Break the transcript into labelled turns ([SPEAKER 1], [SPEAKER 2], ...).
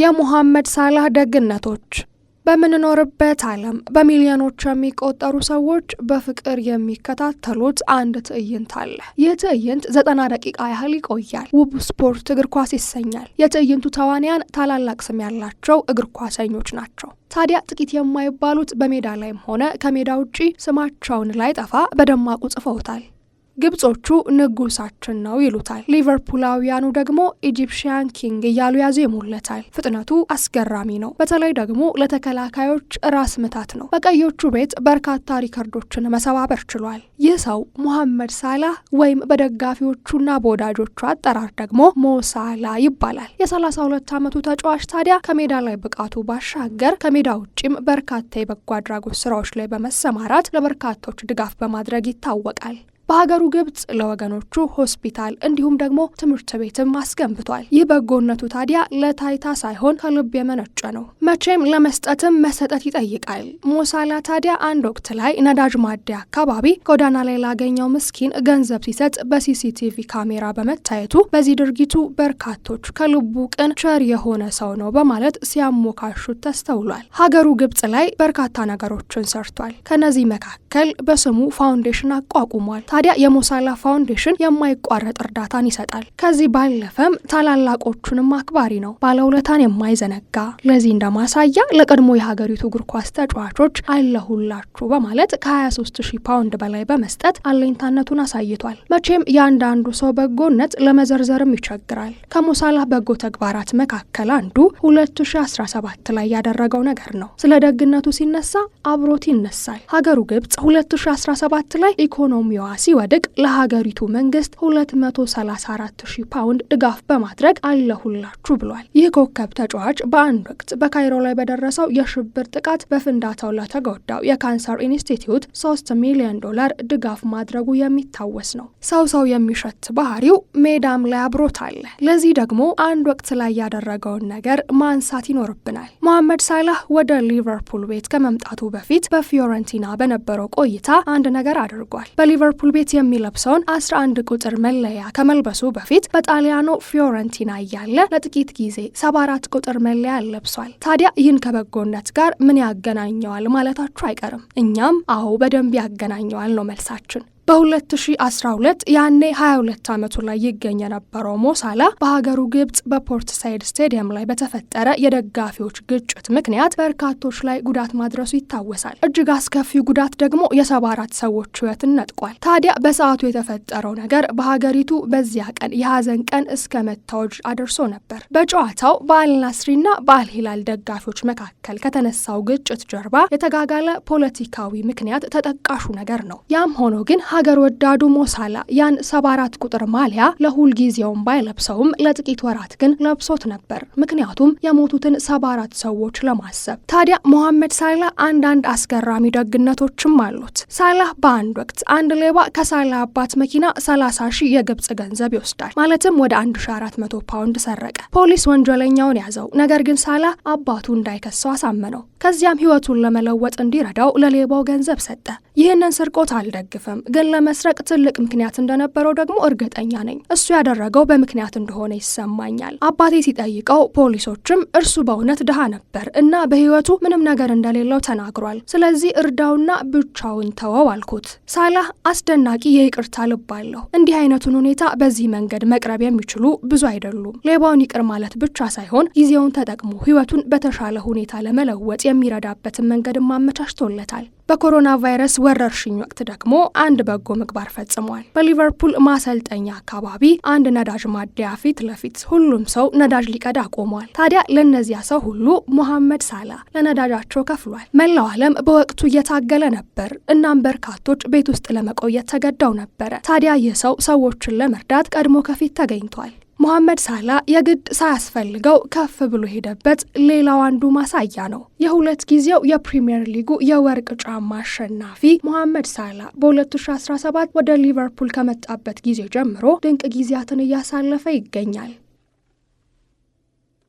[SPEAKER 1] የሙሐመድ ሳላህ ደግነቶች በምንኖርበት ዓለም በሚሊዮኖች የሚቆጠሩ ሰዎች በፍቅር የሚከታተሉት አንድ ትዕይንት አለ። ይህ ትዕይንት ዘጠና ደቂቃ ያህል ይቆያል። ውብ ስፖርት እግር ኳስ ይሰኛል። የትዕይንቱ ተዋንያን ታላላቅ ስም ያላቸው እግር ኳሰኞች ናቸው። ታዲያ ጥቂት የማይባሉት በሜዳ ላይም ሆነ ከሜዳ ውጪ ስማቸውን ላይ ጠፋ በደማቁ ጽፈውታል። ግብጾቹ ንጉሳችን ነው ይሉታል። ሊቨርፑላውያኑ ደግሞ ኢጂፕሽያን ኪንግ እያሉ ያዜሙለታል። ፍጥነቱ አስገራሚ ነው። በተለይ ደግሞ ለተከላካዮች ራስ ምታት ነው። በቀዮቹ ቤት በርካታ ሪከርዶችን መሰባበር ችሏል። ይህ ሰው ሙሐመድ ሳላህ ወይም በደጋፊዎቹና በወዳጆቹ አጠራር ደግሞ ሞሳላ ይባላል። የ32 ዓመቱ ተጫዋች ታዲያ ከሜዳ ላይ ብቃቱ ባሻገር ከሜዳ ውጭም በርካታ የበጎ አድራጎት ስራዎች ላይ በመሰማራት ለበርካቶች ድጋፍ በማድረግ ይታወቃል። በሀገሩ ግብጽ ለወገኖቹ ሆስፒታል እንዲሁም ደግሞ ትምህርት ቤትም አስገንብቷል። ይህ በጎነቱ ታዲያ ለታይታ ሳይሆን ከልብ የመነጨ ነው። መቼም ለመስጠትም መሰጠት ይጠይቃል። ሞሳላ ታዲያ አንድ ወቅት ላይ ነዳጅ ማደያ አካባቢ ጎዳና ላይ ላገኘው ምስኪን ገንዘብ ሲሰጥ በሲሲቲቪ ካሜራ በመታየቱ በዚህ ድርጊቱ በርካቶች ከልቡ ቅን ቸር የሆነ ሰው ነው በማለት ሲያሞካሹት ተስተውሏል። ሀገሩ ግብጽ ላይ በርካታ ነገሮችን ሰርቷል። ከነዚህ መካከል በስሙ ፋውንዴሽን አቋቁሟል። ታዲያ የሞሳላ ፋውንዴሽን የማይቋረጥ እርዳታን ይሰጣል። ከዚህ ባለፈም ታላላቆቹንም አክባሪ ነው፣ ባለውለታን የማይዘነጋ። ለዚህ እንደማሳያ ለቀድሞ የሀገሪቱ እግር ኳስ ተጫዋቾች አለሁላችሁ በማለት ከ23 ፓውንድ በላይ በመስጠት አለኝታነቱን አሳይቷል። መቼም የአንዳንዱ ሰው በጎነት ለመዘርዘርም ይቸግራል። ከሞሳላ በጎ ተግባራት መካከል አንዱ 2017 ላይ ያደረገው ነገር ነው። ስለ ደግነቱ ሲነሳ አብሮት ይነሳል። ሀገሩ ግብጽ 2017 ላይ ኢኮኖሚዋ ሲ ሲወድቅ ለሀገሪቱ መንግስት 234000 ፓውንድ ድጋፍ በማድረግ አለሁላችሁ ብሏል። ይህ ኮከብ ተጫዋች በአንድ ወቅት በካይሮ ላይ በደረሰው የሽብር ጥቃት በፍንዳታው ለተጎዳው የካንሰር ኢንስቲትዩት 3 ሚሊዮን ዶላር ድጋፍ ማድረጉ የሚታወስ ነው። ሰው ሰው የሚሸት ባህሪው ሜዳም ላይ አብሮት አለ። ለዚህ ደግሞ አንድ ወቅት ላይ ያደረገውን ነገር ማንሳት ይኖርብናል። መሐመድ ሳላህ ወደ ሊቨርፑል ቤት ከመምጣቱ በፊት በፊዮረንቲና በነበረው ቆይታ አንድ ነገር አድርጓል። በሊቨርፑል ቡድን ቤት የሚለብሰውን 11 ቁጥር መለያ ከመልበሱ በፊት በጣሊያኑ ፊዮረንቲና እያለ ለጥቂት ጊዜ 74 ቁጥር መለያ ለብሷል። ታዲያ ይህን ከበጎነት ጋር ምን ያገናኘዋል ማለታችሁ አይቀርም። እኛም አዎ በደንብ ያገናኘዋል ነው መልሳችን። በ2012 ያኔ 22 ዓመቱ ላይ ይገኝ የነበረው ሞሳላ በሀገሩ ግብጽ በፖርት ሳይድ ስቴዲየም ላይ በተፈጠረ የደጋፊዎች ግጭት ምክንያት በርካቶች ላይ ጉዳት ማድረሱ ይታወሳል። እጅግ አስከፊ ጉዳት ደግሞ የሰባ አራት ሰዎች ሕይወትን ነጥቋል። ታዲያ በሰዓቱ የተፈጠረው ነገር በሀገሪቱ በዚያ ቀን የሀዘን ቀን እስከ መታወጅ አድርሶ ነበር። በጨዋታው በአልናስሪና በአልሂላል ደጋፊዎች መካከል ከተነሳው ግጭት ጀርባ የተጋጋለ ፖለቲካዊ ምክንያት ተጠቃሹ ነገር ነው። ያም ሆኖ ግን ሀገር ወዳዱ ሞሳላ ያን ሰባ አራት ቁጥር ማሊያ ለሁል ጊዜውም ባይለብሰውም ለጥቂት ወራት ግን ለብሶት ነበር። ምክንያቱም የሞቱትን ሰባ አራት ሰዎች ለማሰብ። ታዲያ ሞሐመድ ሳላህ አንዳንድ አስገራሚ ደግነቶችም አሉት። ሳላህ በአንድ ወቅት አንድ ሌባ ከሳላህ አባት መኪና 30 ሺህ የግብጽ ገንዘብ ይወስዳል። ማለትም ወደ 1400 ፓውንድ ሰረቀ። ፖሊስ ወንጀለኛውን ያዘው። ነገር ግን ሳላህ አባቱ እንዳይከሰው አሳመነው። ከዚያም ህይወቱን ለመለወጥ እንዲረዳው ለሌባው ገንዘብ ሰጠ። ይህንን ስርቆት አልደግፍም፣ ግን ለመስረቅ ትልቅ ምክንያት እንደነበረው ደግሞ እርግጠኛ ነኝ። እሱ ያደረገው በምክንያት እንደሆነ ይሰማኛል። አባቴ ሲጠይቀው ፖሊሶችም እርሱ በእውነት ድሃ ነበር እና በህይወቱ ምንም ነገር እንደሌለው ተናግሯል። ስለዚህ እርዳውና ብቻውን ተወው አልኩት። ሳላህ አስደናቂ የይቅርታ ልብ አለው። እንዲህ አይነቱን ሁኔታ በዚህ መንገድ መቅረብ የሚችሉ ብዙ አይደሉም። ሌባውን ይቅር ማለት ብቻ ሳይሆን ጊዜውን ተጠቅሞ ህይወቱን በተሻለ ሁኔታ ለመለወጥ የሚረዳበትን መንገድም አመቻችቶለታል። በኮሮና ቫይረስ ወረርሽኝ ወቅት ደግሞ አንድ በጎ ምግባር ፈጽሟል። በሊቨርፑል ማሰልጠኛ አካባቢ አንድ ነዳጅ ማደያ ፊት ለፊት ሁሉም ሰው ነዳጅ ሊቀዳ ቆሟል። ታዲያ ለእነዚያ ሰው ሁሉ ሞሐመድ ሳላ ለነዳጃቸው ከፍሏል። መላው ዓለም በወቅቱ እየታገለ ነበር። እናም በርካቶች ቤት ውስጥ ለመቆየት ተገዳው ነበረ። ታዲያ ይህ ሰው ሰዎችን ለመርዳት ቀድሞ ከፊት ተገኝቷል። መሐመድ ሳላ የግድ ሳያስፈልገው ከፍ ብሎ ሄደበት ሌላው አንዱ ማሳያ ነው። የሁለት ጊዜው የፕሪምየር ሊጉ የወርቅ ጫማ አሸናፊ መሐመድ ሳላ በ2017 ወደ ሊቨርፑል ከመጣበት ጊዜ ጀምሮ ድንቅ ጊዜያትን እያሳለፈ ይገኛል።